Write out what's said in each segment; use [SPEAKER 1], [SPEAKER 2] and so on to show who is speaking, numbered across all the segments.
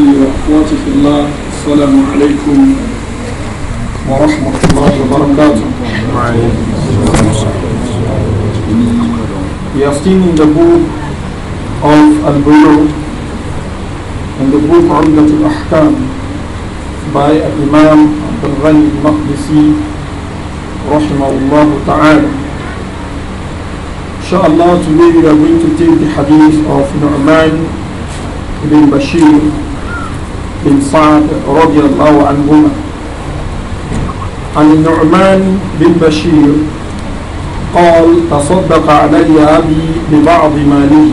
[SPEAKER 1] إخوتي وأخواتي في الله السلام عليكم ورحمة الله وبركاته We are still in the book of Al-Bulu in the book Umdat al-Ahkam by Imam Abdul Ghani al-Maqdisi rahimahullah ta'ala Inshallah today we are going to take the hadith of Nu'man ibn Bashir بن سعد رضي الله عنهما عن النعمان بن بشير قال تصدق علي أبي ببعض ماله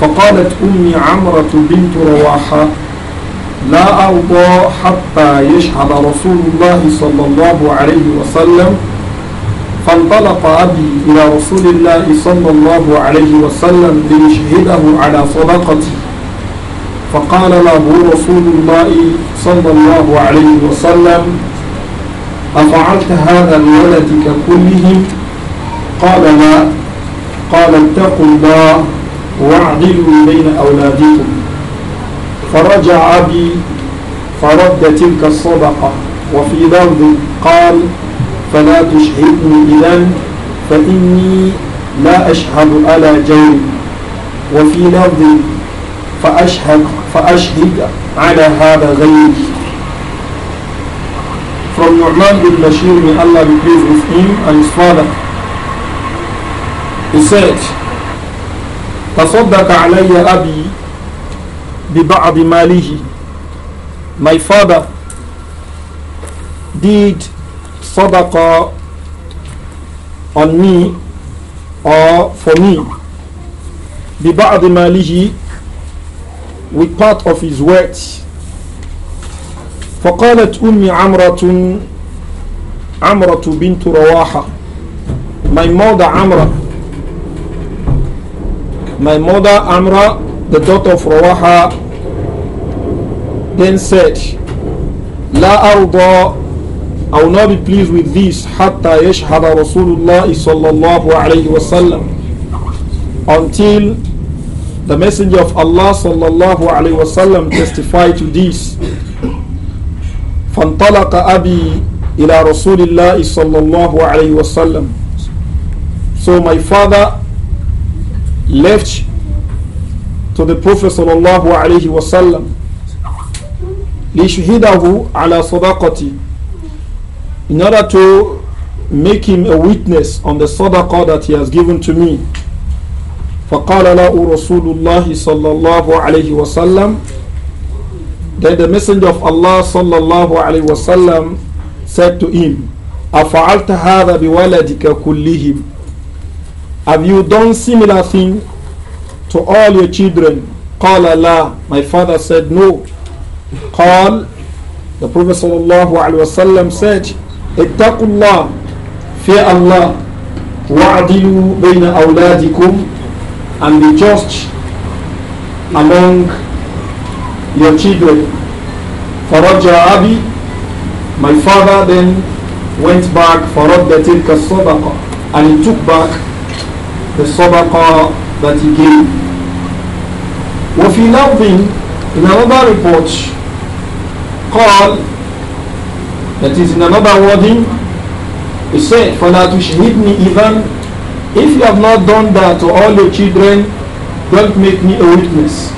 [SPEAKER 1] فقالت أمي عمرة بنت رواحة لا أرضى حتى يشهد رسول الله صلى الله عليه وسلم فانطلق أبي إلى رسول الله صلى الله عليه وسلم ليشهده على صدقتي فقال له رسول الله صلى الله عليه وسلم أفعلت هذا لولدك كلهم قال لا قال اتقوا الله واعدلوا بين أولادكم فرجع أبي فرد تلك الصدقة وفي لفظ قال فلا تشهدني إذا فإني لا أشهد على جوي وفي لفظ فأشهد فأشهد على هذا غير From Nu'man ibn Bashir, may Allah be pleased with him and his father. He said, تصدق علي أبي ببعض ماله My father did sadaqah on me or for me ببعض ماله with part of his wealth. فقالت أُمِّ عمرة عمرة بنت رواحة My mother Amra My mother Amra the daughter of Rawaha then said لا أرضى I will not be pleased with this حتى يشهد رسول الله صلى الله عليه وسلم until the Messenger of Allah sallallahu alayhi wasallam testified to this. فانطلق أبي إلى رسول الله صلى الله عليه وسلم. So my father left to the Prophet sallallahu alayhi wasallam ليشهده على صداقتي in order to make him a witness on the sadaqah that he has given to me فقال له رسول الله صلى الله عليه وسلم Then the messenger of Allah صلى الله عليه وسلم said to him أفعلت هذا بولدك كلهم Have you done similar thing to all your children? قال لا My father said no قال The Prophet صلى الله عليه وسلم said اتقوا الله fear Allah وَعَدِلُوا بَيْنَ أَوْلَادِكُمْ and be just among your children. Roger Abi, my father then went back, for Tilka Sadaqa, and he took back the Sadaqa that he gave. وفي لفظ in another report قال that is in another wording he said فلا تشهدني even. If you have not done that to all your children, don't make me a witness.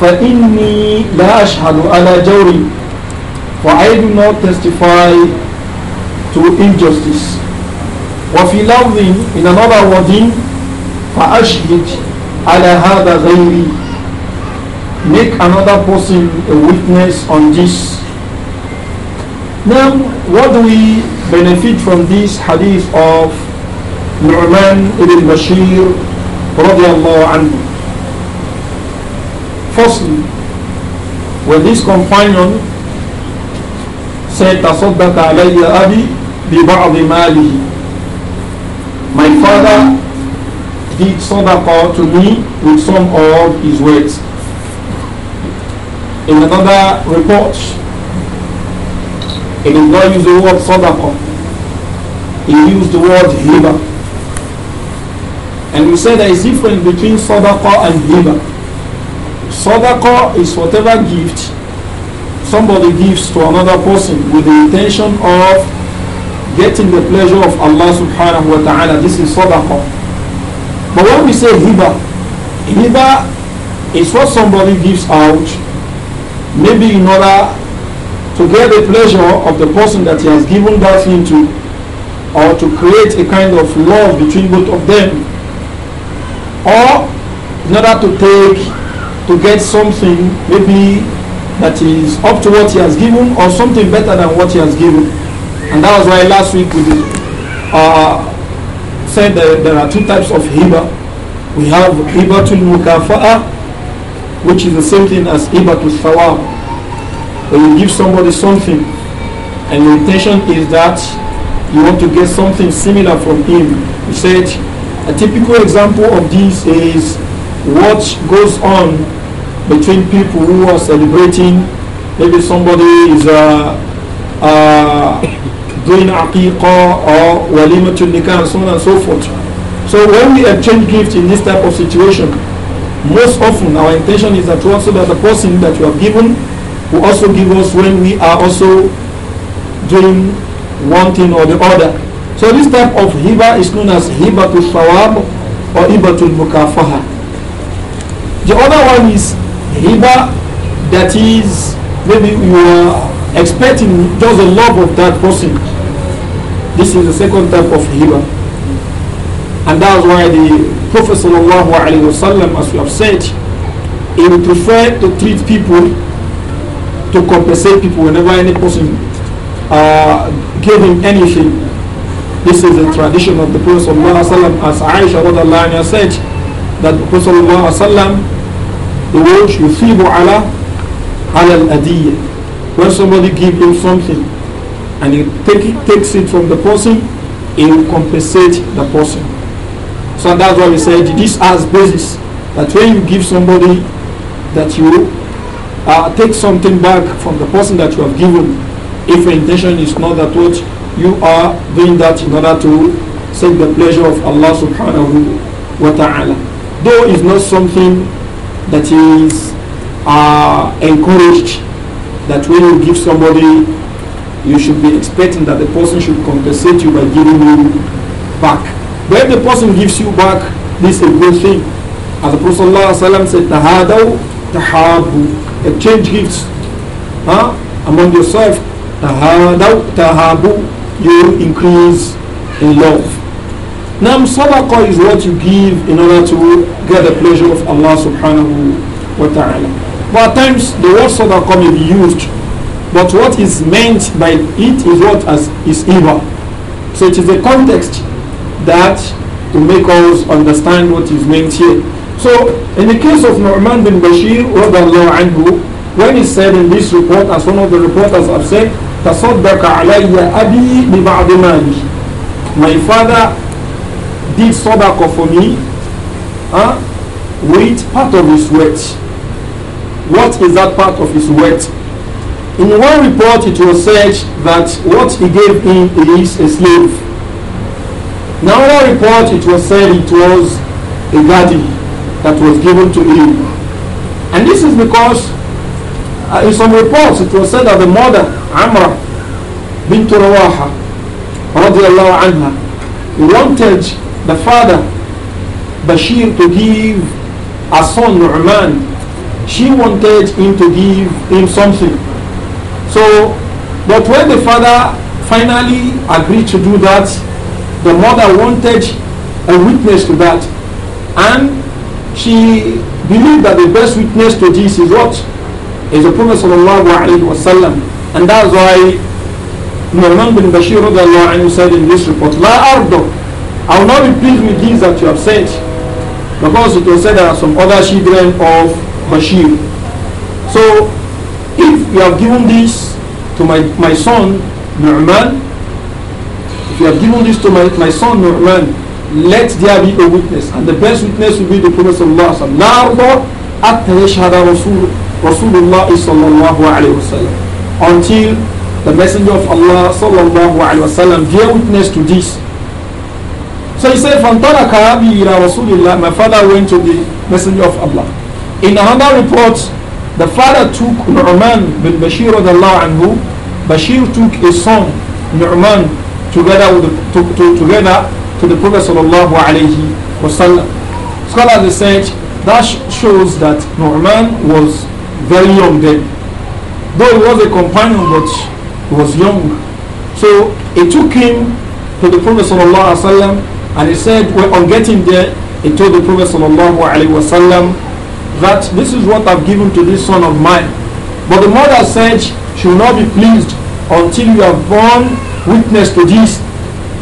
[SPEAKER 1] me لَا أَشْهَدُ عَلَى jawri, For I do not testify to injustice. وَفِي لَوْضٍ In another wording, فَأَشْهِدْ عَلَى هَذَا غَيْرِي Make another person a witness on this. Now, what do we benefit from this hadith of Nu'man ibn Bashir radiallahu anhu. Firstly, when this companion said, تصدق علي أبي ببعض ماله My father did sadaqah to me with some of his wealth. In another report, did not use the word sadaqah. He used the word hiba. And we said there is difference between sadaqah and riba. Sadaqah is whatever gift somebody gives to another person with the intention of getting the pleasure of Allah subhanahu wa ta'ala. This is sadaqah. But when we say hiba, hiba is what somebody gives out, maybe in order to get the pleasure of the person that he has given that into, or to create a kind of love between both of them or in order to take to get something maybe that is up to what he has given or something better than what he has given and that was why last week we did, uh, said that there are two types of hiba we have hiba to mukafa'a which is the same thing as hiba to sawab. when you give somebody something and your intention is that you want to get something similar from him you said a typical example of this is what goes on between people who are celebrating. Maybe somebody is uh, uh, doing aqiqah or walimatul nikah and so on and so forth. So when we exchange gifts in this type of situation, most often our intention is that also that the person that you have given will also give us when we are also doing one thing or the other. So this type of hiba is known as hiba to shawab or hiba to mukafaha. The other one is hiba that is maybe you are expecting just the love of that person. This is the second type of hiba. And that's why the Prophet sallallahu alaihi wasallam, as we have said, he would prefer to treat people to compensate people whenever any person uh, gave him anything this is a tradition of the Prophet ﷺ, as Aisha said, that the Prophet ﷺ, the word yuthibu ala ala al When somebody gives him something and he take it, takes it from the person, he will compensate the person. So that's why we said this as basis that when you give somebody that you uh, take something back from the person that you have given, if your intention is not that what you are doing that in order to seek the pleasure of Allah subhanahu wa ta'ala. Though it's not something that is uh, encouraged that when you give somebody, you should be expecting that the person should compensate you by giving you back. But if the person gives you back, this is a good thing. As the Prophet ﷺ said, Tahadaw, Tahabu, exchange gifts huh? among yourself. Tahadaw, Tahabu, you increase in love. Now, sadaqah is what you give in order to get the pleasure of Allah subhanahu wa ta'ala. But at times, the word sadaqah may be used, but what is meant by it is what as is evil. So it is the context that will make us understand what is meant here. So, in the case of Nu'man bin Bashir, anhu, when he said in this report, as one of the reporters have said, تصدق علي أبي ببعض مالي my father did sadaqah for me huh, with part of his wealth what is that part of his wealth in one report it was said that what he gave him is a slave in another report it was said it was a garden that was given to him and this is because uh, in some reports it was said that the mother Amra bint رضي الله عنها, wanted the father Bashir to give a son Nu'man she wanted him to give him something so but when the father finally agreed to do that the mother wanted a witness to that and she believed that the best witness to this is what is the Prophet sallallahu alaihi wasallam and that's why Nu'man bin Bashir you said in this report, La ardo, I will not be pleased with these that you have said. Because it was said there are some other children of Bashir. So, if you have given this to my, my son, Nu'man, if you have given this to my, my son, Nu'man, let there be a witness. And the best witness will be the Prophet Sallallahu Alaihi Wasallam. La ardo, at يشهد رسول رسول الله صلى الله until the Messenger of Allah sallallahu alaihi wasallam bear witness to this. So he said, "From Tanaka Rasulullah, my father went to the Messenger of Allah." In another report, the father took Nu'man bin Bashir anhu. Bashir took his son Nu'man together with the, to, to, together to the Prophet sallallahu alaihi wasallam. Scholars said that shows that Nu'man was very young then. Though he was a companion, but he was young. So he took him to the Prophet sallallahu alaihi wasallam, and he said, well, on getting there, he told the Prophet sallallahu alaihi wasallam that this is what I've given to this son of mine. But the mother said, she will not be pleased until you have borne witness to this.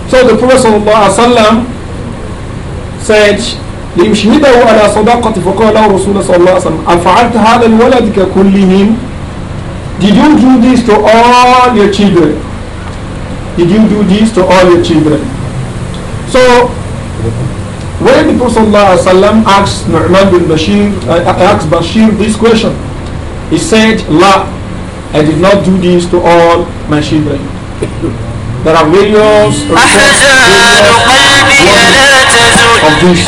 [SPEAKER 1] So the Prophet sallallahu said, ليشهده على صداقة فقال له رسول الله صلى الله عليه وسلم أفعلت هذا الولد ككلهم did you do this to all your children? Did you do this to all your children? So, when the Prophet ﷺ asked Nu'man bin Bashir, uh, asked Bashir this question, he said, La, I did not do this to all my children. There are various reports of this.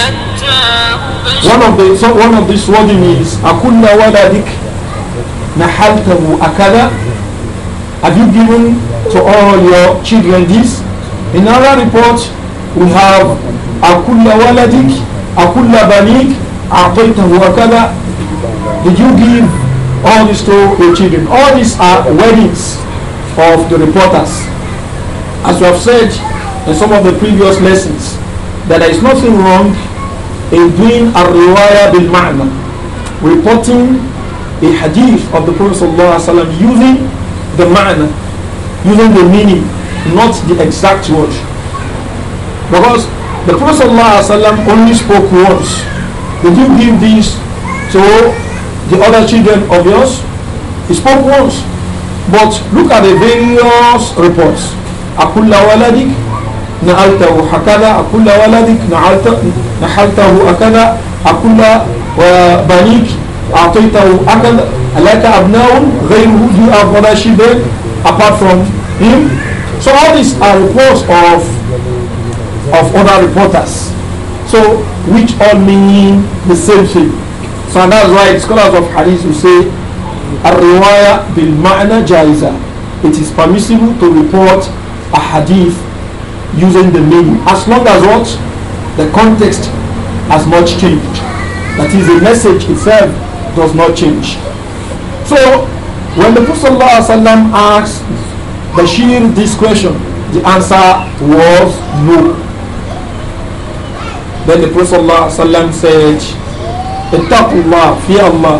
[SPEAKER 1] One of the so one of this wording is Akulla waladik have you given to all your children this? In our report, we have "akulla ولدك akulla balik, أعطيته أكذا Did you give all this to your children? All these are weddings of the reporters. As we have said in some of the previous lessons, that there is nothing wrong in doing a riwayah bil ma'na, reporting a hadith of the Prophet ﷺ using the ma'na, using the meaning, not the exact word. Because the Prophet ﷺ only spoke once. Did you give this to the other children of yours? He spoke once. But look at the various reports. أَقُلَّ وَلَدِكَ نَعَلْتَهُ هَكَذَا أَقُلَّ وَلَدِكَ نَعَلْتَهُ هَكَذَا أَقُلَّ وَبَنِيكَ أعطيته أكل لك أبناء غيره you have other children apart from him so all these are reports of of other reporters so which all mean the same thing so that's why scholars of hadith will say الرواية بالمعنى جائزة it is permissible to report a hadith using the meaning as long as what the context has not changed that is the message itself does not change. So when the Prophet ﷺ asked Bashir this question, the answer was no. Then the Prophet ﷺ said, Ittaqullah, fear Allah,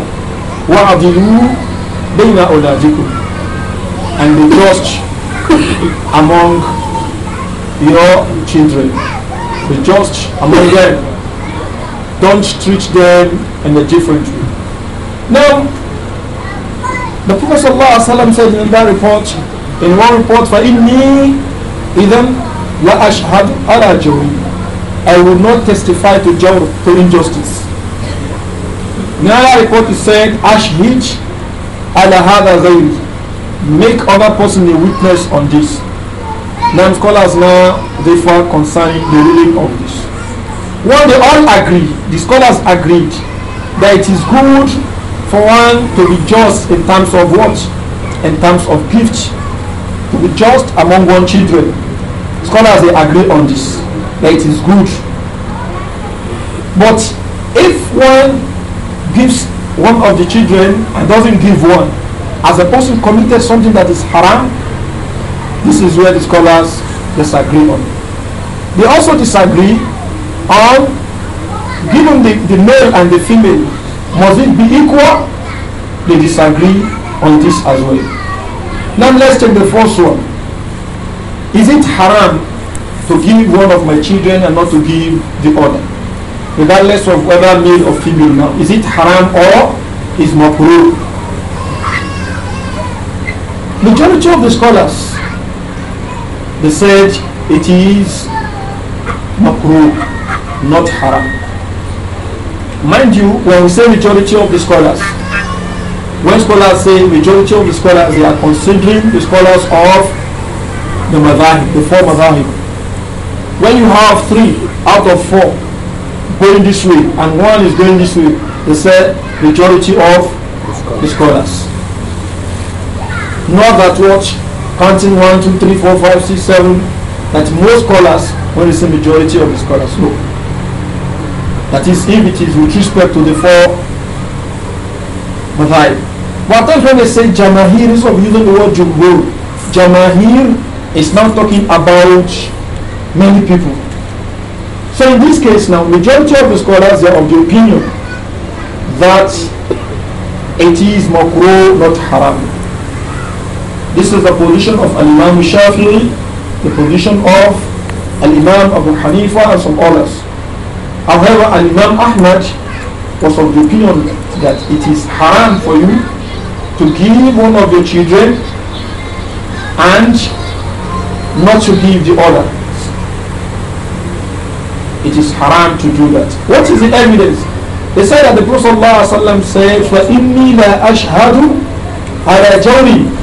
[SPEAKER 1] wa'adilu bayna awladikum. And be just among your children. Be just among them. Don't treat them in a different way. Now, the Prophet ﷺ said in that report, in one report, فَإِنِّي إِذَنْ لَأَشْهَدْ عَلَى جَوْرِ I will not testify to jawr, to injustice. In another report is said, Ashhid ala hada ghayri. Make other person a witness on this. Now scholars now therefore concerning the ruling of this. When well, they all agree, the scholars agreed that it is good for one to be just in terms of what? In terms of gift. To be just among one children. Scholars they agree on this. That it is good. But if one gives one of the children and doesn't give one, as a person committed something that is haram, this is where the scholars disagree on. They also disagree on giving the, the male and the female must it be equal? They disagree on this as well. Now let's take the first one. Is it haram to give one of my children and not to give the other? Regardless of whether male or female now. Is it haram or is makruh? Majority of the scholars, they said it is makruh, not haram. Mind you, when we say majority of the scholars, when scholars say majority of the scholars, they are considering the scholars of the madhahib, the four madhahib. When you have three out of four going this way and one is going this way, they say majority of the scholars. Not that watch counting one, two, three, four, five, six, seven, that most scholars when they say majority of the scholars. No. That is, if it is with respect to the four madhab. But times when they say jamahir, instead of using the word jumhur, jamahir is now talking about many people. So in this case now, majority of the scholars are of the opinion that it is makruh, not haram. This is the position of Al-Imam Shafi'i, the position of Al-Imam Abu Hanifa and some others. However, Imam Ahmad was of the opinion that it is haram for you to give one of your children and not to give the other. It is haram to do that. What is the evidence? They say that the Prophet ﷺ said, فَإِنِّي لَا أَشْهَدُ عَلَى جَوْرِي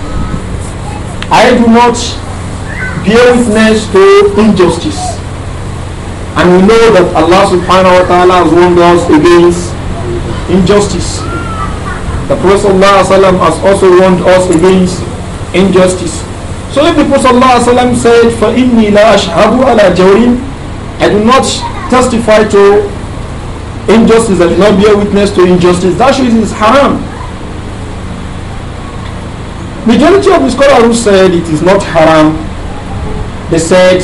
[SPEAKER 1] I do not bear witness to injustice. And we know that Allah subhanahu wa ta'ala has warned us against injustice. The Prophet ﷺ has also warned us against injustice. So if the Prophet ﷺ said, فَإِنِّي لَا أَشْهَدُ عَلَى جَوْرٍ I do not testify to injustice, I do not bear witness to injustice, that shows it is haram. Majority of the scholars who said it is not haram, they said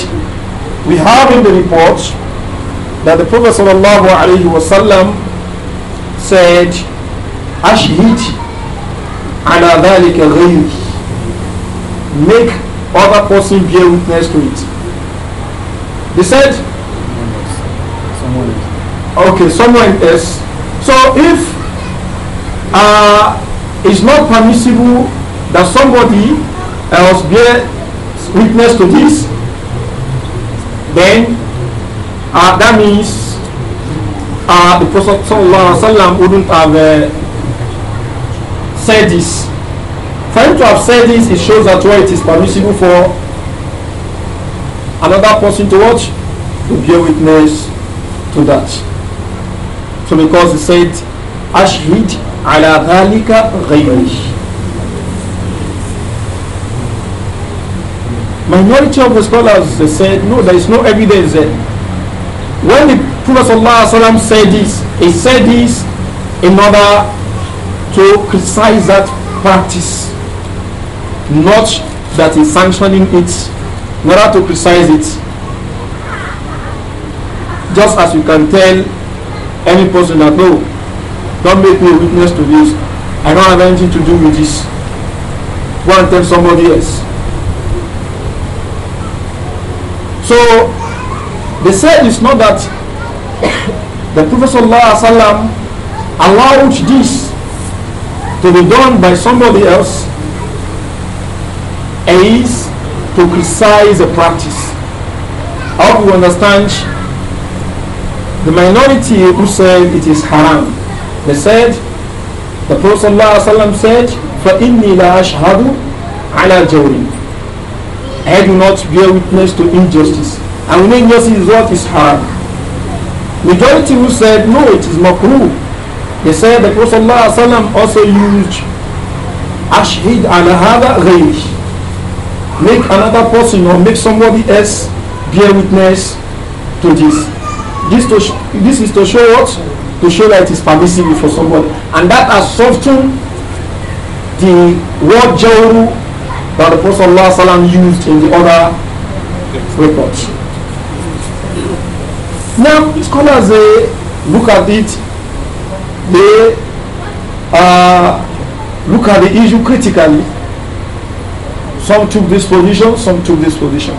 [SPEAKER 1] we have in the report that the Prophet sallallahu said, "Ashhid ala dhalika ghayri." Make other person bear witness to it. They said, someone else. "Okay, someone else." So if uh, it's not permissible that somebody else bear witness to this, then uh, that means uh, the Prophet sallam, wouldn't have uh, said this. For him to have said this, it shows that well, it is permissible for another person to watch to bear witness to that. So because he said, Ashhid ala dhalika ghayri. Minority of the scholars they said, no, there is no evidence there. When the Prophet ﷺ said this, he said this in order to criticize that practice, not that he's sanctioning it, in order to criticize it. Just as you can tell any person that, no, don't make me a witness to this. I don't have anything to do with this. Go and tell somebody else. So they said it's not that the Prophet ﷺ allowed this to be done by somebody else is to criticize a practice. I hope you understand the minority who said it is haram. They said, the Prophet ﷺ said, فَإِنِّي لَأَشْهَدُ عَلَى الْجَوْرِ I do not bear witness to injustice. And when injustice is what is hard. Majority who said no, it is makruh. They said the Prophet ﷺ also used ashid ala hada ghayr. Make another person or make somebody else bear witness to this. This, to this is to show what? To show that it is permissible for somebody. And that has softened the word jawru that the Prophet ﷺ used in the other report. Now, scholars they look at it, they uh, look at the issue critically. Some took this position, some took this position.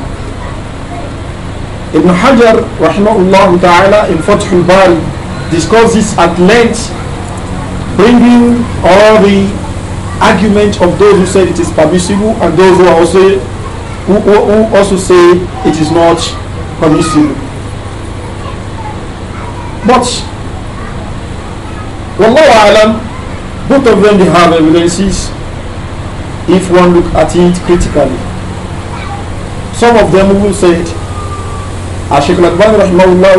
[SPEAKER 1] Ibn Hajar, rahimahullah ta'ala, in Fathul Bari, discusses at length, bringing all the argument of those who said it is permissible and those who also who, who also say it is not permissible. But Wallahu alam, both of them they have evidences if one look at it critically. Some of them will say it. As sheik al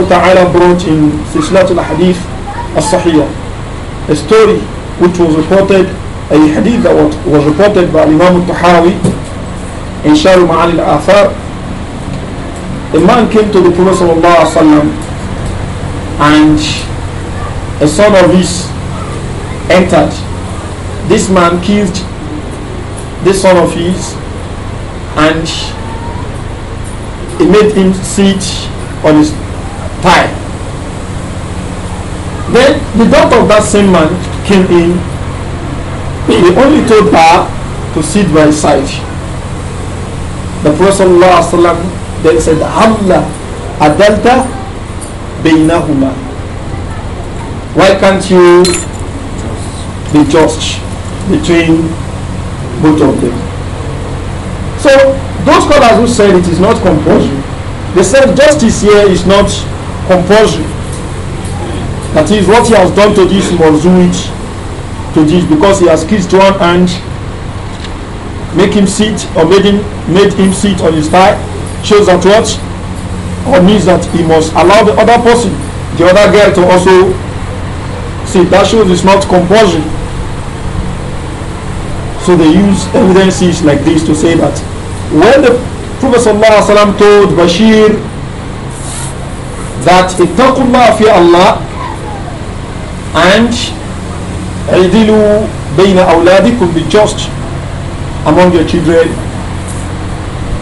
[SPEAKER 1] ta'ala brought in Sislat al-Hadith al-Sahiyah, a story which was reported a hadith that was, was reported by Imam al-Tahawi in Sharu Ma'al al-Athar. A man came to the Prophet sallam, and a son of his entered. This man killed this son of his and he made him sit on his thigh. Then the daughter of that same man came in he only told her to sit by his side. The Prophet ﷺ then said, Allah adalta huma. Why can't you be just between both of them? So those scholars who said it is not compulsory, they said justice here is not compulsory. That is what he has done to this must do it to this because he has kissed one hand, make him sit or made him, made him sit on his thigh, shows that what? Or means that he must allow the other person, the other girl to also sit. That shows it's not compulsory. So they use evidences like this to say that when the Prophet ﷺ told Bashir that ittaqullah fi Allah and عِدِلُوا بَيْنَ أَوْلَادِكُمْ Be just among your children.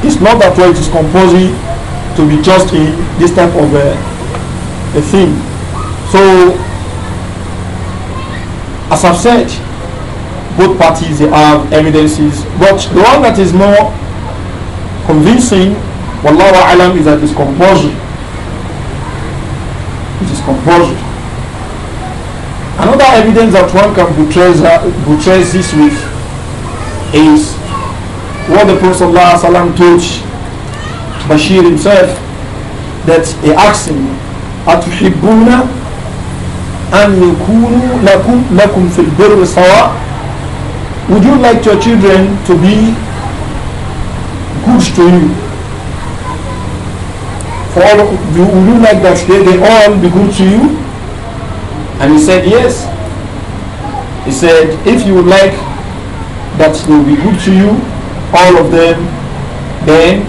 [SPEAKER 1] It's not that way it is composing to be just in this type of a, uh, a thing. So, as I've said, both parties they have evidences, but the one that is more convincing, Wallahu Alam, is that it's compulsory. It is compulsory. Another evidence that one can portray, buttress this with is what the Prophet ﷺ told Bashir himself that he asked him, أتحبون أن يكونوا لكم lakum في البر سواء Would you like your children to be good to you? For all, would you like that they, they all be good to you? And he said, Yes. He said, If you would like that will be good to you, all of them, then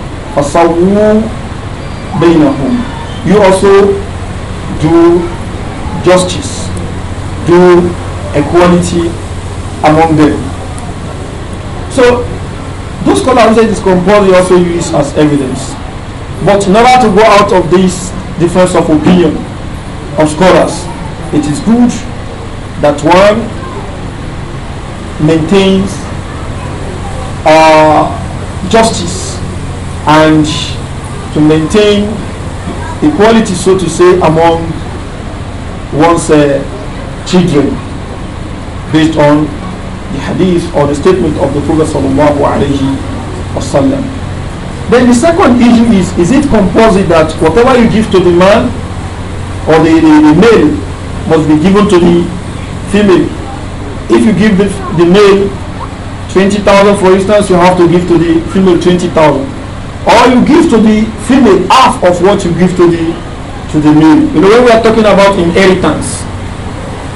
[SPEAKER 1] بَيْنَهُمْ You also do justice, do equality among them. So, those scholars is this We also use as evidence. But in order to go out of this difference of opinion of scholars, it is good that one maintains uh, justice and to maintain equality, so to say, among one's uh, children based on the hadith or the statement of the Prophet sallallahu alaihi Then the second issue is, is it composite that whatever you give to the man or the, the, the male must be given to the female. If you give the, the male 20,000, for instance, you have to give to the female 20,000. Or you give to the female half of what you give to the to the male. You know, when we are talking about inheritance,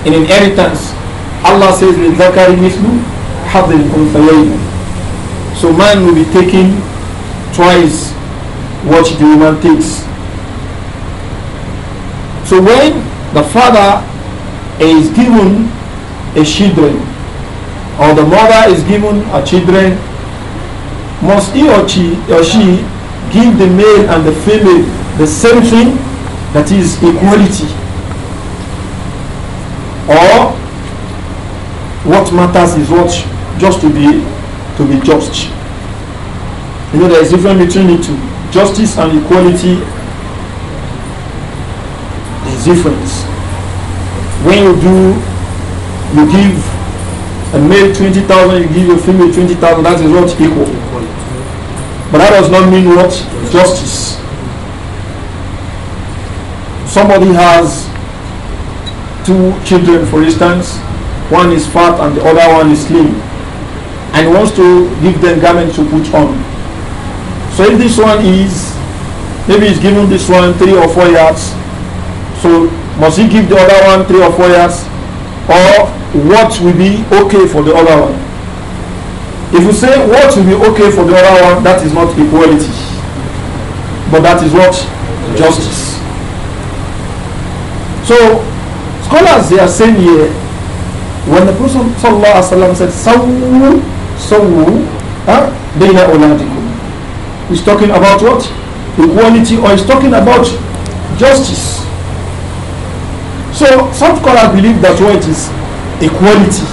[SPEAKER 1] in inheritance, Allah says, لِلْذَكَرِ مِثْلُ حَظِّ الْأُنْثَيَيْنِ So man will be taking twice what the woman takes. So when the father is given a children or the mother is given a children must he or she, or she give the male and the female the same thing that is equality or what matters is what just to be to be just you know there is difference between the two justice and equality Difference. When you do, you give a male 20,000, you give a female 20,000, that is not equal. But that does not mean what? Justice. Somebody has two children, for instance, one is fat and the other one is slim, and wants to give them garments to put on. So if this one is, maybe he's giving this one three or four yards, so must he give the other one three or four years? Or what will be okay for the other one? If you say what will be okay for the other one, that is not equality. But that is what? Justice. So scholars they are saying here when the Prophet ﷺ said Sawu Sawu huh? Baina He's talking about what? Equality or he's talking about justice. So some scholars believe that what is equality.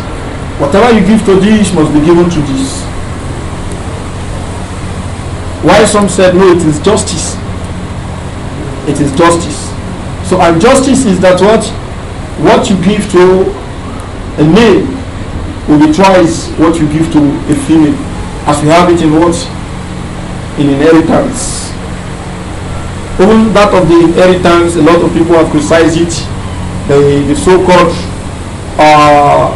[SPEAKER 1] Whatever you give to this must be given to this. Why some said no, it is justice. It is justice. So and justice is that what what you give to a male will be twice what you give to a female, as we have it in what in inheritance. Even that of the inheritance, a lot of people have criticized it the, the so-called uh,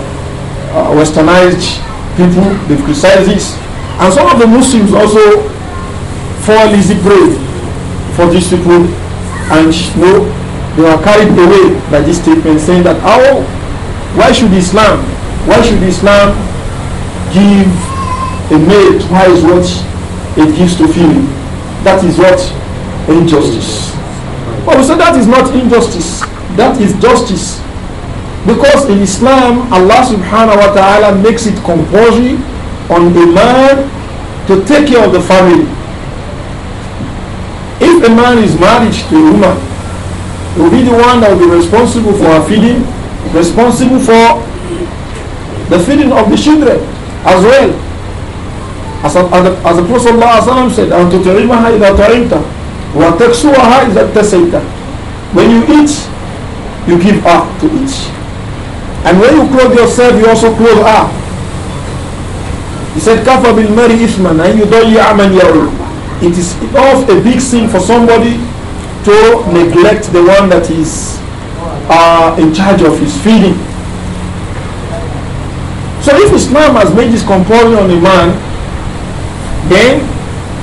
[SPEAKER 1] uh, westernized people, they've criticized this. And some of the Muslims also fall easy prey for these people and no, they are carried away by this statement saying that how oh, why should Islam why should Islam give a maid twice what it gives to female that is what injustice but we say that is not injustice that is justice. Because in Islam, Allah subhanahu wa ta'ala makes it compulsory on a man to take care of the family. If a man is married to a woman, he will be the one that will be responsible for her feeding, responsible for the feeding of the children as well. As, a, as, a, as the Prophet ﷺ said, أَنْ wa إِذَا طَعِمْتَ وَتَكْسُوَهَا al اتَّسَيْتَ When you eat, you give up to it. And when you clothe yourself, you also clothe her. He said, Kafa bil mari ithman, and you don't man It is of a big sin for somebody to neglect the one that is uh, in charge of his feeding. So if Islam has made this compulsion on a man, then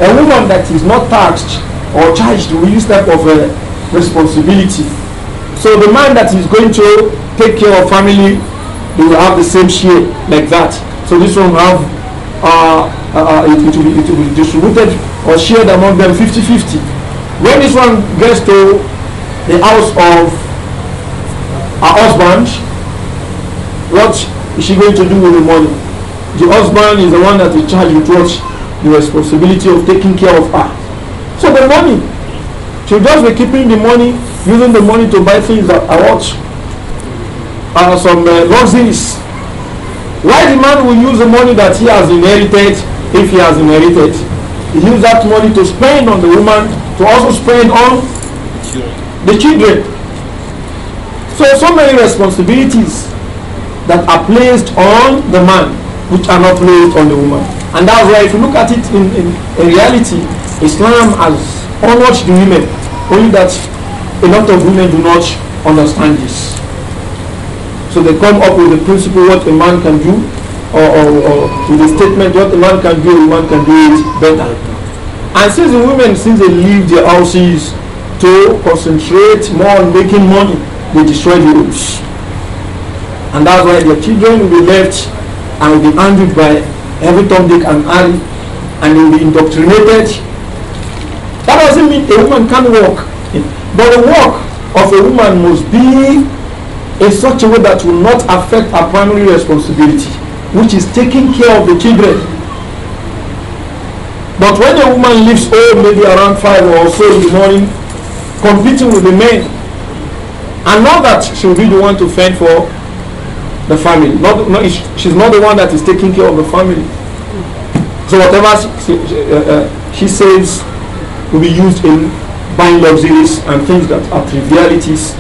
[SPEAKER 1] a woman that is not taxed or charged with this type of uh, responsibility so the man that is going to take care of family, they will have the same share like that. So this one have uh, uh, uh, it, it, will be, it will be distributed or shared among them 50-50. When this one gets to the house of her husband, what is she going to do with the money? The husband is the one that is charged with what? The responsibility of taking care of her. So the money, she'll just be keeping the money using the money to buy things that are what are some uh, luxuries. Why the man will use the money that he has inherited if he has inherited? He use that money to spend on the woman, to also spend on the children. So, so many responsibilities that are placed on the man, which are not placed on the woman. And that's why, if you look at it in, in, in reality, Islam has honored the women, only that a lot of women do not understand this. So they come up with the principle what a man can do, or, or, or with the statement what a man can do, a woman can do it better. And since the women, since they leave their houses to concentrate more on making money, they destroy the homes. And that's why their children will be left and will be handled by every Tom, Dick, and Harry, and they will be indoctrinated. That doesn't mean a woman can't work. But the work of a woman must be in such a way that will not affect her primary responsibility, which is taking care of the children. But when a woman leaves home oh, maybe around 5 or so in the morning, competing with the men, and not that she'll be the one to fend for the family. Not, not, she's not the one that is taking care of the family. So whatever she, she, uh, uh she says will be used in buying luxuries and things that are trivialities.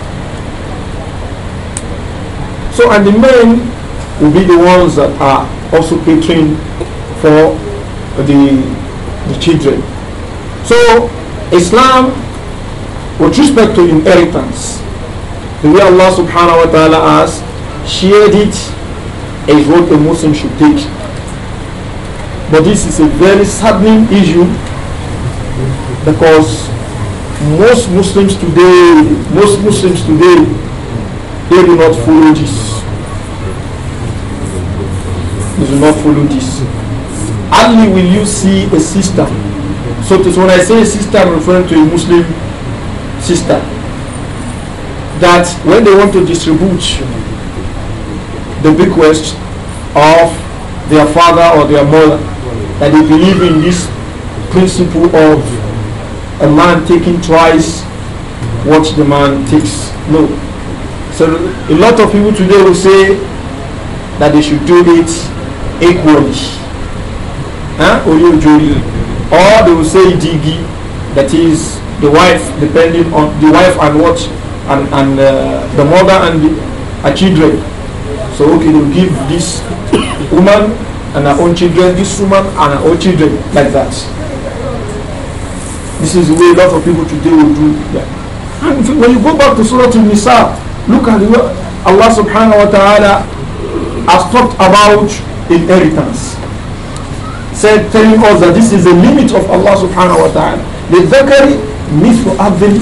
[SPEAKER 1] So, and the men will be the ones that are also catering for the, the children. So, Islam, with respect to inheritance, the way Allah subhanahu wa ta'ala has shared it is what a Muslim should take. But this is a very saddening issue because most Muslims today, most Muslims today, they do not follow this. They do not follow this. Only will you see a sister. So, so when I say sister, I'm referring to a Muslim sister. That when they want to distribute the bequest of their father or their mother, that they believe in this principle of a man taking twice what the man takes. No. So a lot of people today will say that they should do it equally. Huh? Or they will say digi, that is the wife depending on the wife and what and, and uh, the mother and the children. So okay, they'll give this woman and her own children, this woman and her own children, like that. This is the way a lot of people today will do And when you go back to Surah Al-Nisa, look at what Allah subhanahu wa ta'ala has talked about inheritance. Said, telling us that this is the limit of Allah subhanahu wa ta'ala. The zakari means for Abdul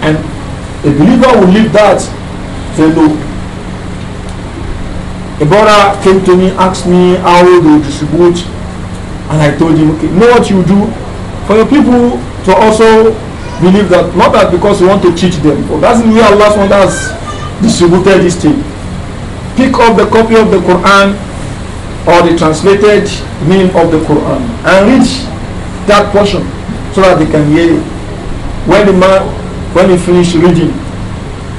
[SPEAKER 1] And a believer will leave that. Say, no. A brother came to me, asked me how they distribute, and I told him, okay, know what you do? for your people to also believe that not that because you want to teach them, but that's the way Allah has distributed this thing. Pick up the copy of the Quran or the translated meaning of the Quran and read that portion so that they can hear When the man, when he finished reading,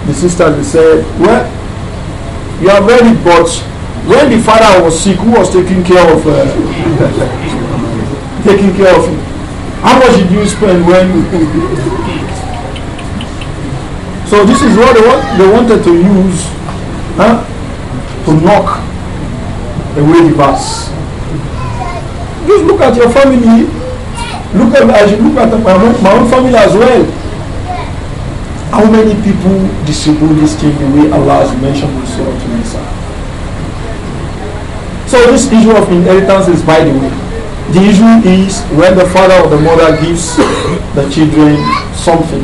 [SPEAKER 1] the sister they said, Well, you are very but when the father was sick, who was taking care of uh, taking care of him? How much did you spend when you So this is what they, want, they wanted to use huh, to knock away the bus. Just look at your family. Look at as you look at my own, my own family as well. How many people distribute this thing the way Allah has mentioned in Surah Tunisa? So this issue of inheritance is by the way. The issue is when the father or the mother gives the children something,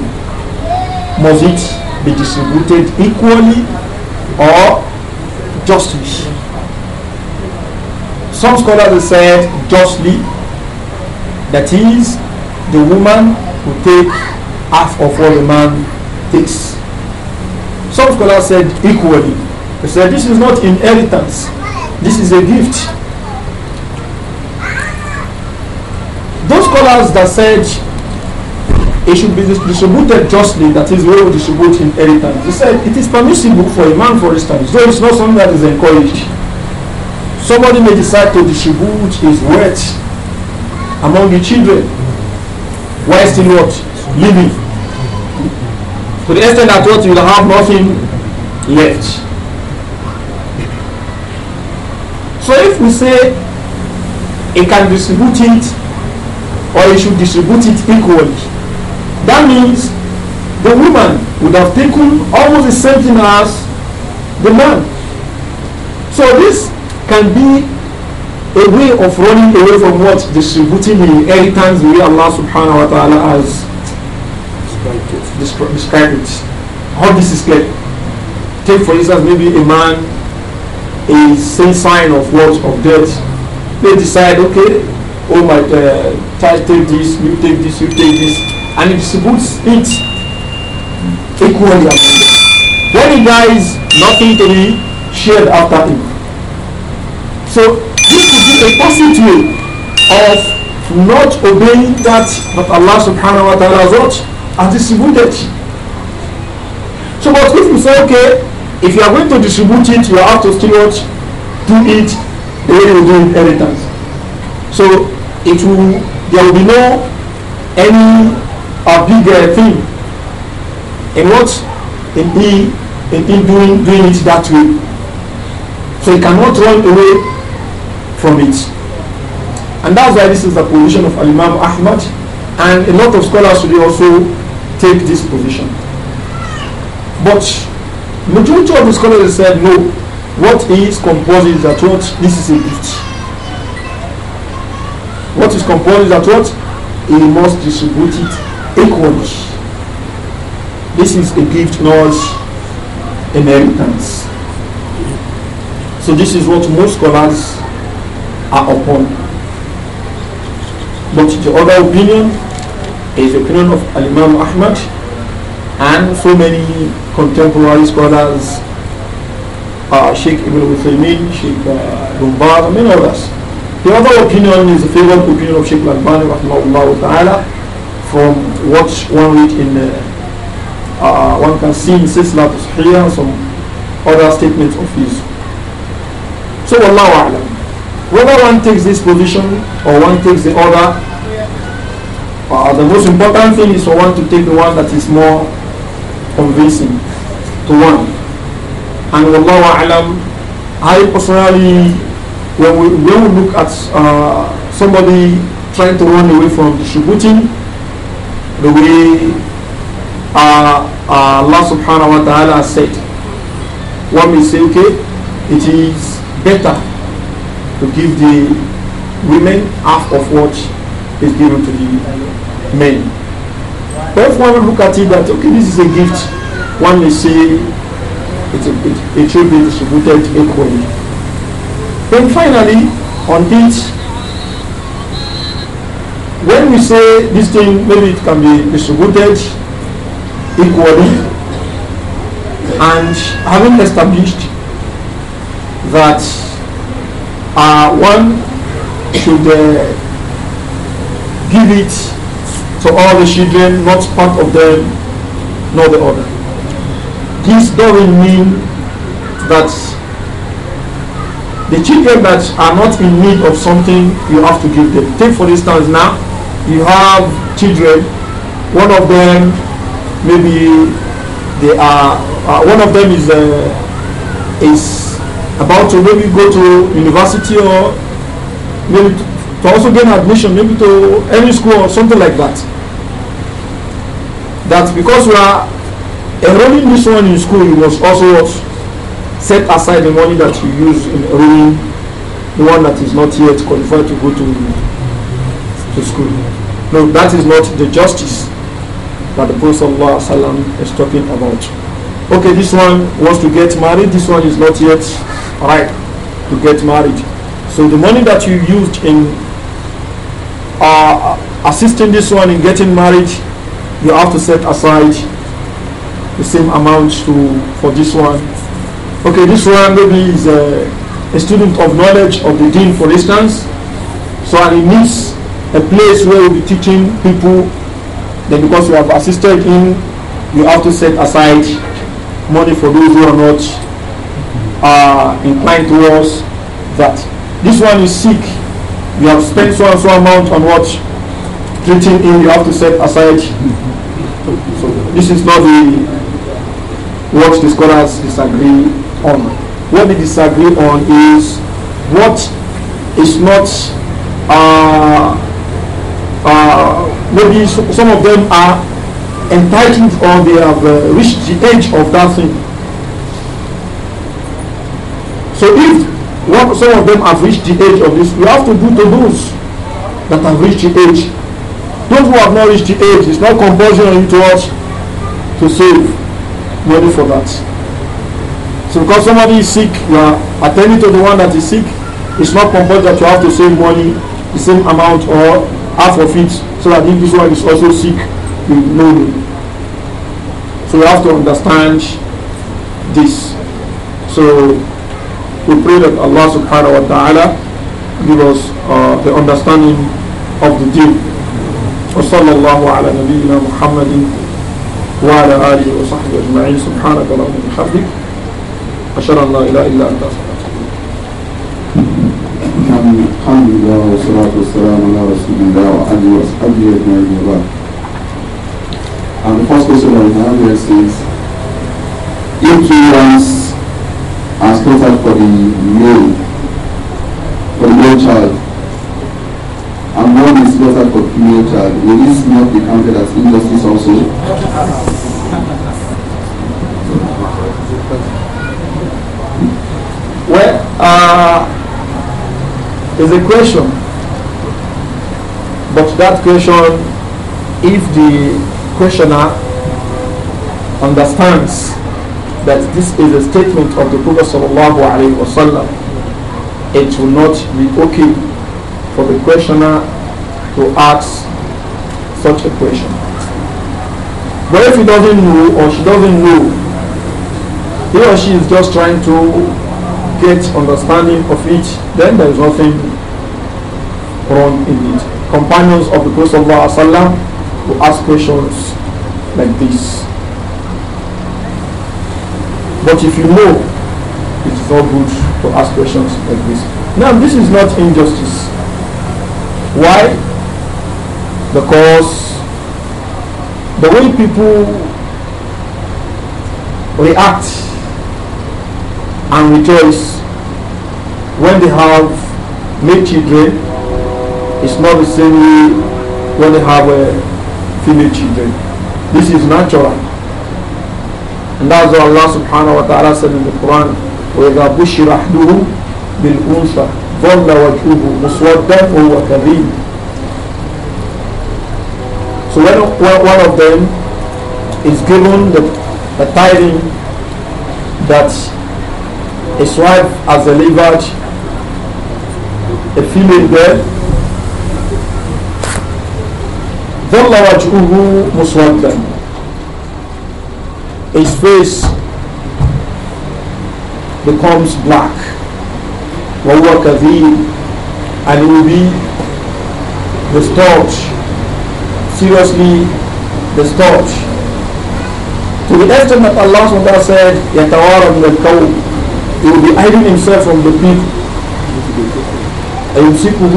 [SPEAKER 1] must it be distributed equally or justly? Some scholars have said justly, that is, the woman will take half of what the man takes. Some scholars said equally. They said this is not inheritance, this is a gift. scholars that said it should be distributed justly, that is, we will distribute inheritance. They said it is permissible for a man, for instance, though it's not something that is encouraged. Somebody may decide to distribute his wealth among the children is still what? Living. To the extent that what you have nothing left. So if we say it can distribute it or he should distribute it equally. That means the woman would have taken almost the same thing as the man. So this can be a way of running away from what? Distributing the inheritance the way Allah subhanahu wa ta'ala has described it. How this is clear. Take for instance maybe a man is saying sign of words Of death. They decide, okay, oh my uh, child take this, you take this, you take this, and he distributes it equally among them. When he dies, nothing to be shared after him. So this could be a positive way of not obeying that that Allah subhanahu wa ta'ala has not has distributed. So but if you say okay, if you are going to distribute it, you have to still not do it the way you do inheritance. So it will there will be no any uh, big uh, thing in what in be in doing doing it that way so you cannot run away from it and that's why this is the position of imam ahmad and a lot of scholars will also take this position but majority of the scholars said no what is composed is that what this is a gift what is composed is that what? He must distribute it equally. This is a gift, not inheritance. So this is what most scholars are upon. But the other opinion is the opinion of Imam Ahmad and so many contemporary scholars, uh, Sheikh Ibn Uthaymeen, Sheikh uh, Lombard, and many others. The other opinion is the favorite opinion of Sheikh Al-Bani ta'ala from what one read in uh, uh one can see in Sisla Tushiya some other statements of his. So Allah A'lam. Whether one takes this position or one takes the other, uh, the most important thing is for one to take the one that is more convincing to one. And Allah A'lam, I personally when we, when we look at uh, somebody trying to run away from distributing, the way uh, uh, Allah subhanahu wa ta'ala said, one may say, okay, it is better to give the women half of what is given to the men. But if one look at it that, okay, this is a gift, one may say it, it, it should be distributed equally. Then finally, on this, when we say this thing, maybe it can be distributed equally, and having established that uh, one should uh, give it to all the children, not part of them, nor the other. This doesn't mean that the children that are not in need of something, you have to give them. Take for instance now, you have children, one of them maybe they are, uh, one of them is, uh, is about to maybe go to university or maybe to, to also gain admission maybe to any school or something like that. That because we are enrolling this one in school, you must also set aside the money that you use in ruling the one that is not yet qualified to go to, to school. No, that is not the justice that the Prophet ﷺ is talking about. Okay, this one wants to get married, this one is not yet right to get married. So the money that you used in uh, assisting this one in getting married, you have to set aside the same amount to for this one okay, this one maybe is a, a student of knowledge of the dean. for instance, so and he needs a place where he'll be teaching people, then because you have assisted him, you have to set aside money for those who are not uh, inclined towards that. This one is sick. You have spent so and so amount on what treating him. You have to set aside. So this is not the what the scholars disagree on. What we disagree on is what is not, uh, uh, maybe some of them are entitled or they have uh, reached the age of that thing. So if what some of them have reached the age of this, we have to do to those that have reached the age. Those who have not reached the age, it's not compulsion on you to us to save money for that. So because somebody is sick, you are attending to the one that is sick, it's not compulsory that you have to save money, the same amount or half of it, so that if this one is also sick, you know him. So you have to understand this. So we pray that Allah subhanahu wa ta'ala give us uh, the understanding of the deal. وصلى الله على نبينا محمد وعلى آله وصحبه أجمعين سبحانك اللهم وبحمدك أشهد أن لا إله إلا أنت
[SPEAKER 2] الحمد لله والصلاة والسلام على رسول الله أجمعين وبعد And the first question that the have here says, if two ones are slaughtered for the male, for the male child, and one is slaughtered for the female child, will this not be counted as injustice also? uh,
[SPEAKER 1] is a question. But that question, if the questioner understands that this is a statement of the Prophet sallallahu alaihi wasallam, it will not be okay for the questioner to ask such a question. But if he doesn't know or she doesn't know, he or she is just trying to get understanding of it, then there is nothing wrong in it. Companions of the Prophet who ask questions like this. But if you know, it is not good to ask questions like this. Now, this is not injustice. Why? Because the way people react and rejoice when they have male children. It's not the same way when they have uh, female children. This is natural. And that's what Allah subhanahu wa ta'ala said in the Quran, وَإِذَا بُشِّرَ أَحْدُهُمْ بِالْأُنْثَى ظَلَّ وَجْهُهُ مُسْوَدًّا فَهُوَ كَظِيمٌ So when one of them is given the, the tidings that his wife has delivered a female girl. ظل وجهه مسودا his face becomes black وهو كذيب and he will be disturbed seriously disturbed to the extent that Allah said of من الكون he will be hiding himself from the people. أَيُمْسِكُهُ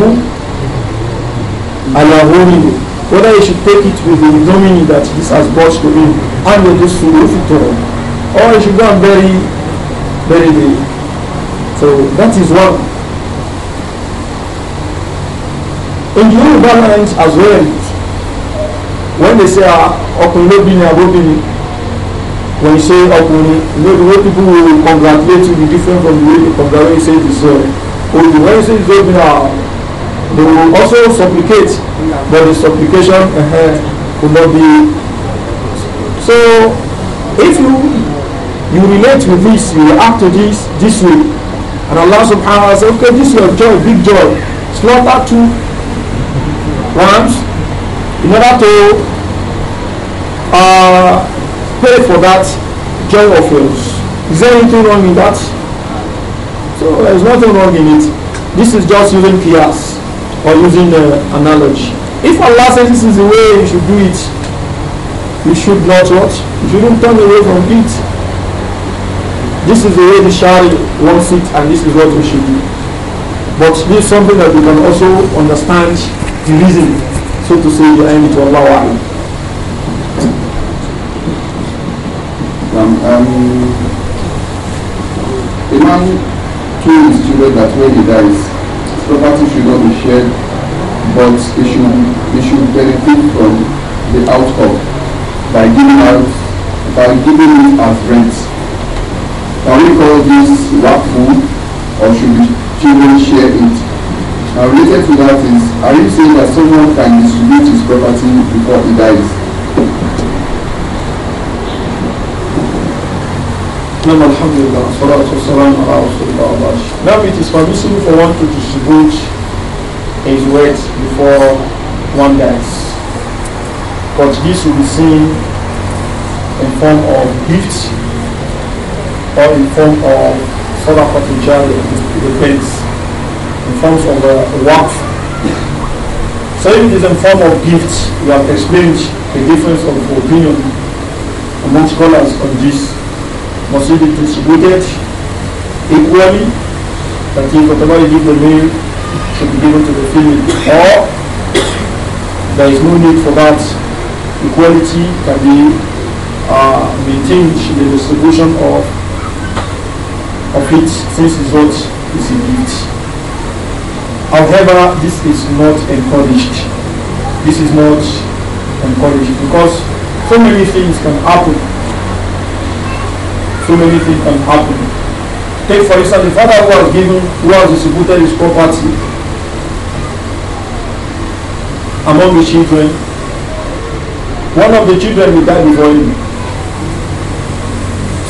[SPEAKER 1] عَلَى him. Whether he should take it with the ignominy that this has brought to him and the disfigurement or he should go and bury, bury the... So that is one. In the Yoruba as well, when they say, ọkùnrin ah, ló bí ni àbóbí ni, when you say ọkùnrin you know the way people will congratulate you be different from the way they congratulate you say it is well or the way you say it is well be na they will also supplicate but the supplication uh-huh, will not be so if you you relate with this you react to this this way and Allah subhanahu wa ta'ala okay this is your joy big joy slaughter two rams in order to uh, pay for that join of yours. Is there anything wrong in that? So there's nothing wrong in it. This is just using kias or using the analogy. If Allah says this is the way you should do it, you should not what? You shouldn't turn away from it. This is the way the Shari wants it and this is what we should do. But this is something that we can also understand the reason, so to say, behind it, Allah.
[SPEAKER 2] um, a man told his children that when he dies, his property should not be shared, but he should, he should benefit from the outcome by giving out, by giving it as rent. Can we call this wakfu or should children share it? And related to that is, are you saying that someone can distribute his property before he dies?
[SPEAKER 1] Now it is permissible for one to distribute his wealth before one dies. But this will be seen in form of gifts or in form of sadaqat in charity, it depends, in forms of the wealth. So if it is in form of gifts, we have explained the difference of opinion among scholars on this must be distributed equally? That is, whatever you give the male should be given to the female. Or there is no need for that. Equality can be uh, maintained in the distribution of of it since result is in it. However, this is not encouraged. This is not encouraged because so many things can happen so many things can happen. Take for instance the father who has given, who has distributed his property among the children. One of the children will die before him.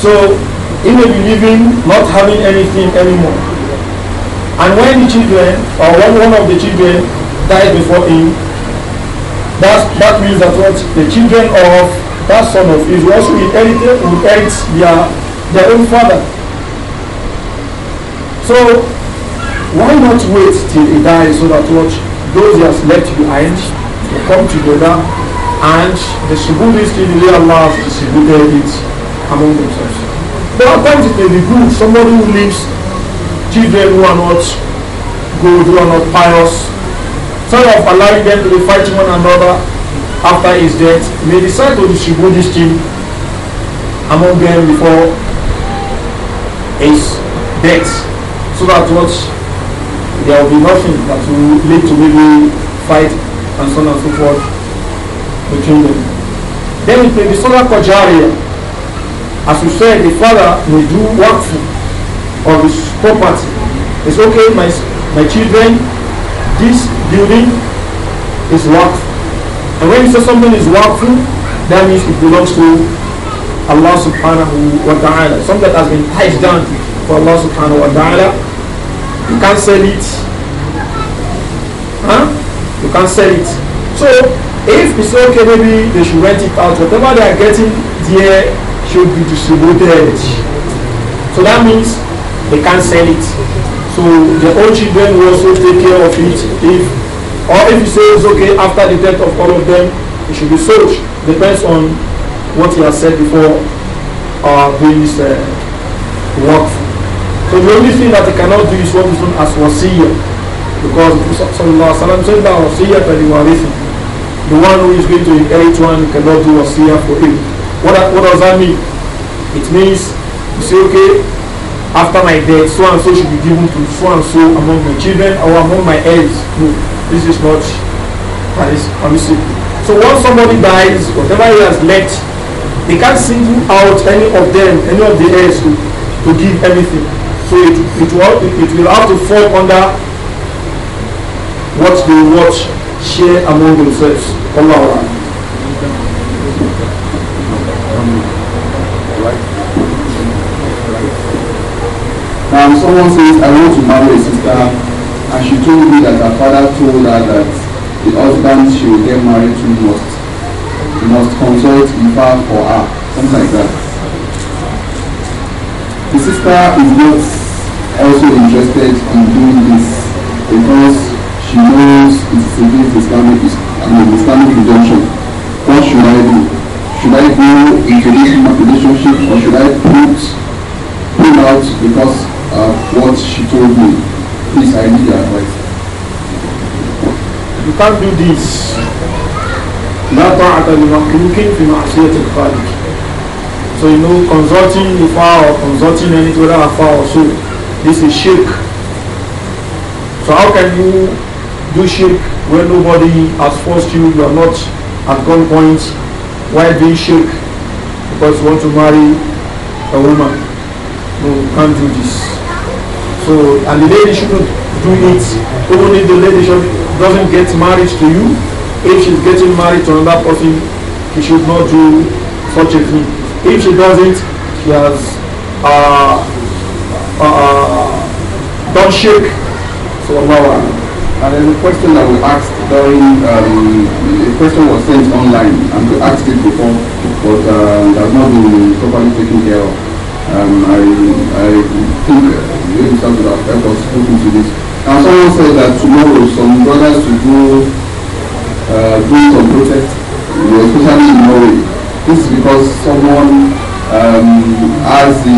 [SPEAKER 1] So he may be living not having anything anymore. And when the children or when one of the children dies before him, that that means that what the children of that son of Israel also will inherit their their own father. So why not wait till he dies so that what those he has left behind will come together and the this in the way Allah has distributed it among themselves. There are times it may be good, somebody who leaves children who are not good, who are not pious, instead of allowing them to be fighting one another after his death, may decide to distribute this thing among them before is death. So that what there will be nothing that will lead to maybe fight and so on and so forth between them. Then it may be Solar Kajaria. As we said, the father may do work or his property. It's okay, my, my children, this building is work. And when you say something is workful, that means it belongs to Allah subhanahu wa ta'ala. Something that has been tied down for Allah subhanahu wa ta'ala. You can't sell it. Huh? You can't sell it. So if it's okay, maybe they should rent it out. Whatever they are getting there should be distributed. So that means they can't sell it. So the old children will also take care of it if or if you say it's okay after the death of all of them, it should be sold. Depends on what he has said before are uh, this uh, work. So the only thing that he cannot do is what is known as wasiyah. Because Sallallahu Alaihi said that wasiyah The one who is going to inherit one cannot do wasiyah for him. What, what does that mean? It means you say, okay, after my death, so and so should be given to so and so among my children or among my heirs. No, this is not that is permissible. So once somebody dies, whatever he has left They can't single out any of them, any of the heirs to, to give anything. So it, it, will, it will have to fall under what they watch share among themselves. Allah Allah.
[SPEAKER 2] Um, someone says, I want to marry a sister, and she told me that her father told her that the husband she will get married to must you must consult Ifa for her, something like that. The sister is not also interested in doing this because she knows it's against Islamic, an Islamic redemption. What should I do? Should I go into this relationship or should I put pull out because of what she told me? Please, I need your advice. You can't do this لا
[SPEAKER 1] طاعة لمخلوق في معصية الخالق So you know consulting the fire or consulting any other afar or so, this is shirk. So how can you do shirk when nobody has forced you, you are not at gunpoint? Why do you shirk? Because you want to marry a woman. No, you can't do this. So and the lady shouldn't do it. Only the lady should, doesn't get married to you, if she's getting married to another person, she should not do such a thing. If she does it, she has
[SPEAKER 2] uh, uh, uh done shirk. So Allah. And then the question that we asked during, um, a question was sent online and we asked it before, but uh, has not been properly taken care of. Um, I, I think you uh, have help us look into this. And someone said that tomorrow some brothers will do uh, doing some protest, especially in Norway. This is because someone um, has the,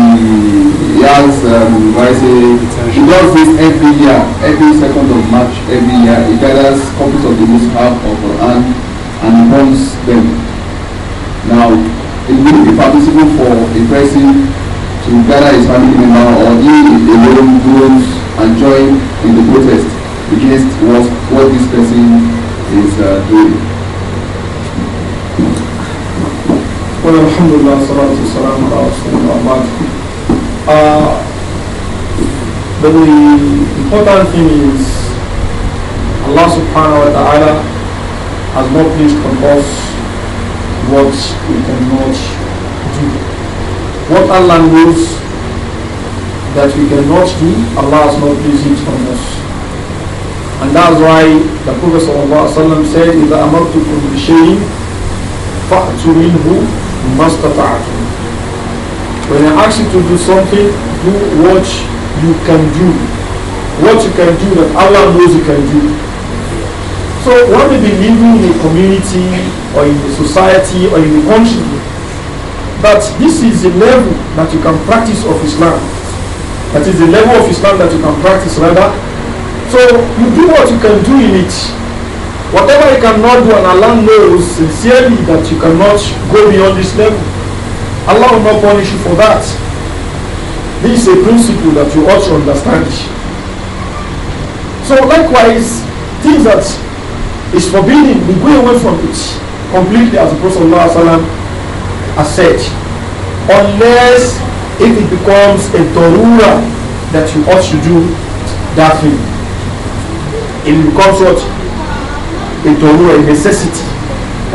[SPEAKER 2] he has, um, I say, he does this every year, every second of March, every year. He gathers copies of the newspaper of Quran and burns them. Now, it will be permissible for a person to gather his family member or he alone goes and join in the protest against what, what this person is uh, doing. Well, alhamdulillah, salatu salam ala rasulullah.
[SPEAKER 1] Uh, but the important thing is Allah subhanahu wa ta'ala has not pleased on us what we cannot do. What Allah knows that we cannot do, Allah has not pleased it us. And that's why the Prophet ﷺ said, إِذَا أَمَرْتُكُمْ بِشَيْءٍ فَأْتُوا must مَا اسْتَطَعْتُمْ When I ask you to do something, do what you can do. What you can do that Allah knows you can do. So when you be living in a community or in a society or in a country, but this is the level that you can practice of Islam. That is the level of Islam that you can practice rather so you do what you can do in it. Whatever you cannot do, and Allah knows sincerely that you cannot go beyond this level. Allah will not punish you for that. This is a principle that you ought to understand. So likewise, things that is forbidden, we go away from it completely as the Prophet has said. Unless if it becomes a torura that you ought to do that thing it becomes what? A toru, a necessity.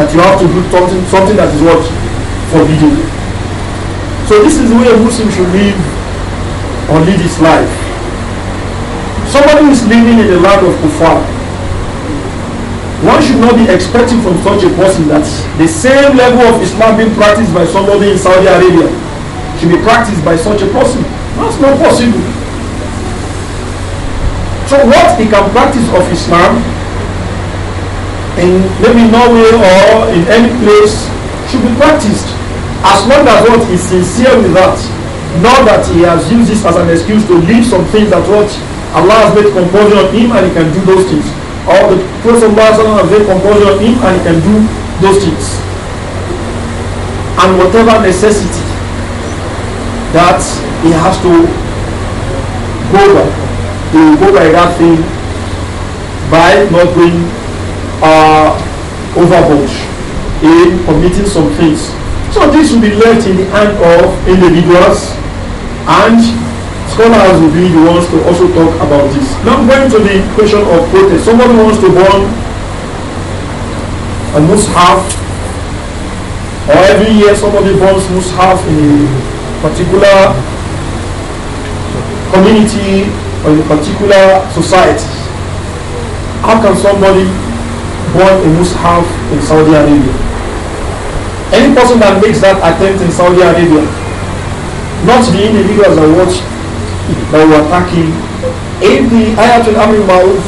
[SPEAKER 1] That you have to do something, something that is what? Forbidden. So this is the way a Muslim should live or lead his life. Somebody who is living in the land of Kufar, one should not be expecting from such a person that the same level of Islam being practiced by somebody in Saudi Arabia should be practiced by such a person. That's not possible. So what he can practice of Islam in maybe Norway or in any place should be practiced as long as he's sincere with that. Not that he has used this as an excuse to leave some things that what Allah has made compulsion on him and he can do those things. Or the Prophet has made compulsion on him and he can do those things. And whatever necessity that he has to go by to go by that thing by not going uh, overboard in committing some things. So this will be left in the hand of individuals and scholars will be the ones to also talk about this. Now going to the question of protest. Somebody wants to burn a mushaf or every year somebody burns mushaf in a particular community or in a particular society. How can somebody burn a mushaf in Saudi Arabia? Any person that makes that attempt in Saudi Arabia, not the individuals that watch that were attacking, if the Ayatul Amri Ma'ruf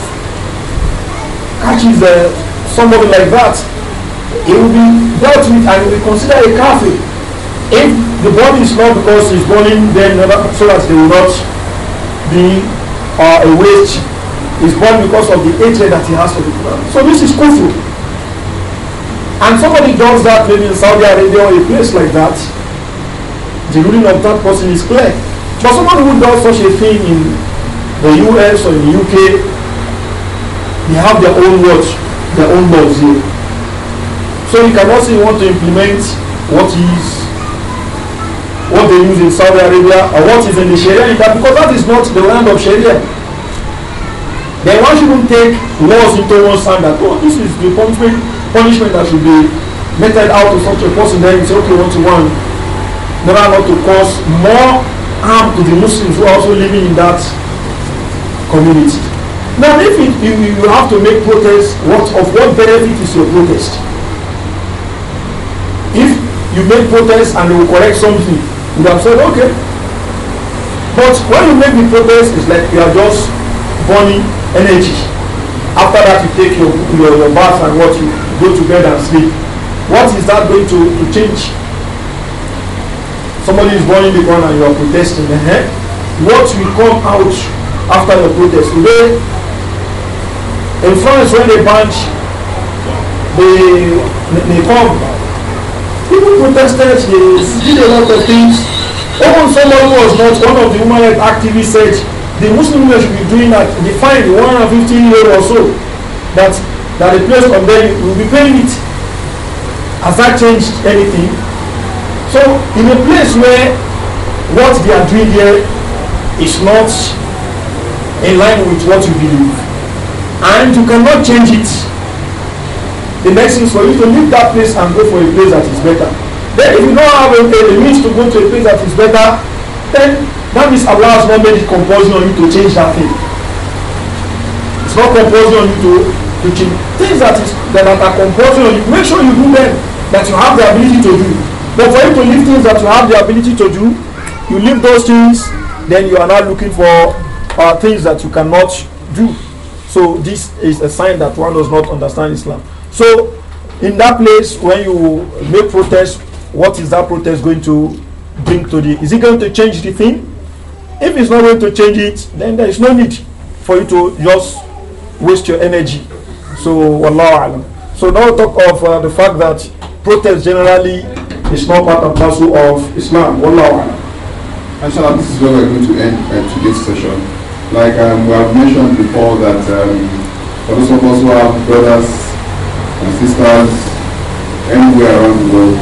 [SPEAKER 1] catches uh, somebody like that, he will be dealt with and will be considered a kafir. If the body is not because he's burning, then so that they will not be or a wage is born because of the hatred that he has for the Quran. So this is kufu. And somebody does that maybe in Saudi Arabia or a place like that, the ruling of that person is clear. But someone who does such a thing in the US or in the UK, they have their own watch, their own laws here. So you cannot say you want to implement what is what they use in Saudi Arabia or what is in the Sharia because that is not the land of Sharia. Then one shouldn't take laws into one's hand that oh this is the punishment punishment that should be meted out to such a person then say, okay one to one Never order not to cause more harm to the Muslims who are also living in that community. Now if it, you, you have to make protest, what of what benefit is your protest? If you make protest and they will correct something You have said, okay. But when you make the protest, it's like you are just burning energy. After that, you take your, your, your bath and what you go to bed and sleep. What is that going to, to change? Somebody is burning the gun and you are protesting. Uh eh? -huh. What will come out after your protest? Today, in France, when they banned the, the, the bomb, Even protested, they did a lot of things. Even someone who was not one of the human rights activists said the Muslim women should be doing that, one defined 150 euro or so, that, that the place of them will be paying it. Has that changed anything? So, in a place where what they are doing here is not in line with what you believe, and you cannot change it, The next thing is for you to leave that place and go for a place that is better. Then if you don't have a, a means to go to a place that is better, then that means Allah has not made it compulsory on you to change that thing. It's not compulsory on you to, to change. Things that, is, that are compulsory on you, make sure you do them that you have the ability to do. But for you to leave things that you have the ability to do, you leave those things, then you are not looking for uh, things that you cannot do. So this is a sign that one does not understand Islam. So, in that place, when you make protest, what is that protest going to bring to the? Is it going to change the thing? If it's not going to change it, then there is no need for you to just waste your energy. So, Allah. So now talk of uh, the fact that
[SPEAKER 2] protest generally is not part and parcel of Islam. Allah. Inshallah, this is where we're going to end uh, today's session. Like um, we have mentioned before that um, for those of us who have brothers sisters anywhere around the world.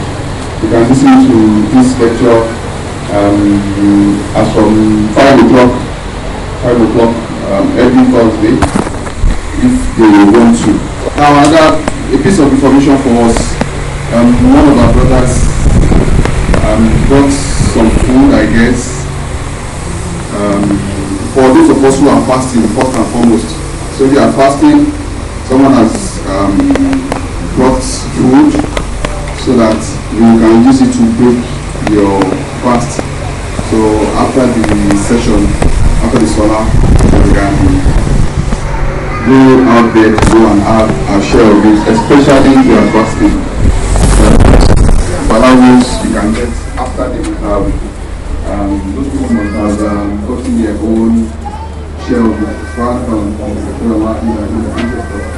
[SPEAKER 2] You can listen to this lecture um, as from 5 o'clock, 5 o'clock um, every Thursday if they want to. Now, another a piece of information for us. Um, one of our brothers um, got some food, I guess. Um, for those of us who are fasting, first and foremost. So they are fasting, someone has um, brought food so that you can use it to break your fast. So after the session, after the solar, we can go out there to go and have a share of it, especially if you are fasting. But that you can get after they have um, those people must have um, gotten their own share of the fast um, and the, the, the ancestors.